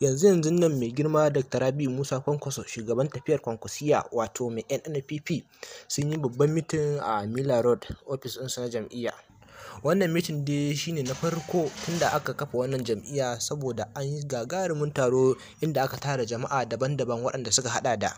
yanzu yanzun nan mai girma dr rabi musa kwankwaso shugaban tafiyar kwankwasiya wato mai nnpp sun yi babban mitin a miller road ofis ɗinsu na jam'iyya wannan mitin dai shine na farko tunda aka kafa wannan jam'iyya saboda an yi gagarumin taro inda aka tara jama'a daban-daban waɗanda suka hada da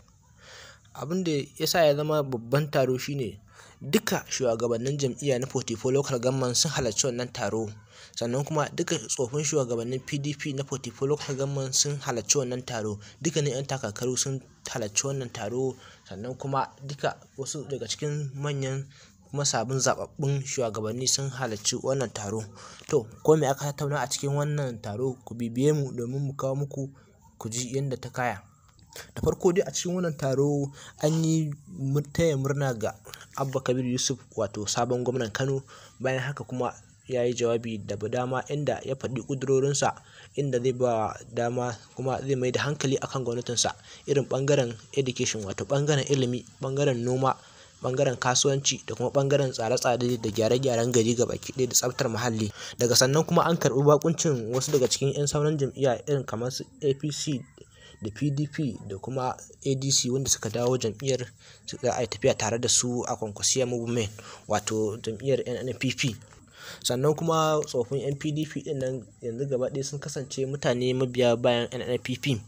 abin da ya sa ya zama babban taro shine duka shugabannin jam'iyya na 44 Local Government sun halarci wannan taro sannan kuma duka tsofin shugabannin PDP na 44 Local Government sun halarci wannan taro duka ne 'yan takakaru sun halarci wannan taro sannan kuma duka wasu daga cikin manyan kuma sabbin zababbun shugabanni sun halarci wannan taro to ko me aka tattauna a cikin wannan taro ku bibiye mu domin mu kawo muku ku ji yadda ta kaya da farko dai a cikin wannan taro an yi taya murna ga abba kabir yusuf wato sabon gwamnan kano bayan haka kuma ya yi jawabi da dama inda ya faɗi ƙudurorinsa inda zai ba dama kuma zai mai da hankali akan gwamnatinsa irin bangaren education wato bangaren ilimi ɓangaren noma bangaren kasuwanci da kuma bangaren tsare-tsare da gyare-gyaren gari ga baki ɗaya da tsabtar muhalli daga sannan kuma an karɓi bakuncin wasu daga cikin 'yan sauran jam'iyya irin kamar su apc da pdp da kuma adc wanda suka dawo jam'iyyar suka a yi tafiya tare da su a kwankwasiyar movement wato jam'iyyar nnpp sannan kuma tsofin npdp pdp din nan yanzu gaba ɗaya sun kasance mutane mabiya bayan nnpp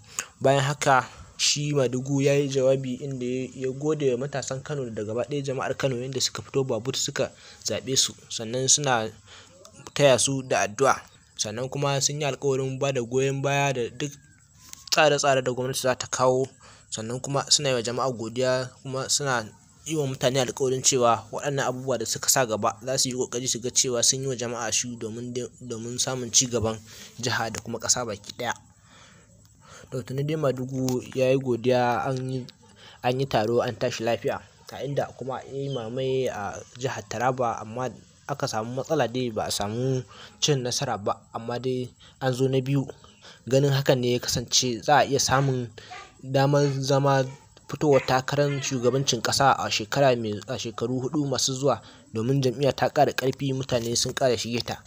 bayan haka shi madugu ya yi jawabi inda ya gode wa matasan kano da gaba ɗaya jama'ar kano yadda suka fito babur suka zaɓe su sannan suna taya su da addu'a sannan kuma sun yi alkawarin ba da goyon baya da duk tsare-tsare da gwamnati za ta kawo sannan kuma suna yi wa jama'a godiya kuma suna yi wa mutane alƙawarin cewa waɗannan abubuwa da suka sa gaba za su yi ƙoƙari su ga cewa sun yi wa jama'a shi domin samun ci gaban jiha da kuma ƙasa baki ɗaya da tuni dai madugu ya yi godiya an yi taro an tashi lafiya a inda kuma yi mamaye a jihar taraba amma aka samu matsala dai ba a samu cin nasara ba amma dai an zo na biyu ganin hakan ne ya kasance za a iya samun damar zama fitowar takarar shugabancin kasa a shekaru hudu masu zuwa domin jam'iyyar ta kara ƙarfi mutane sun ƙara shige ta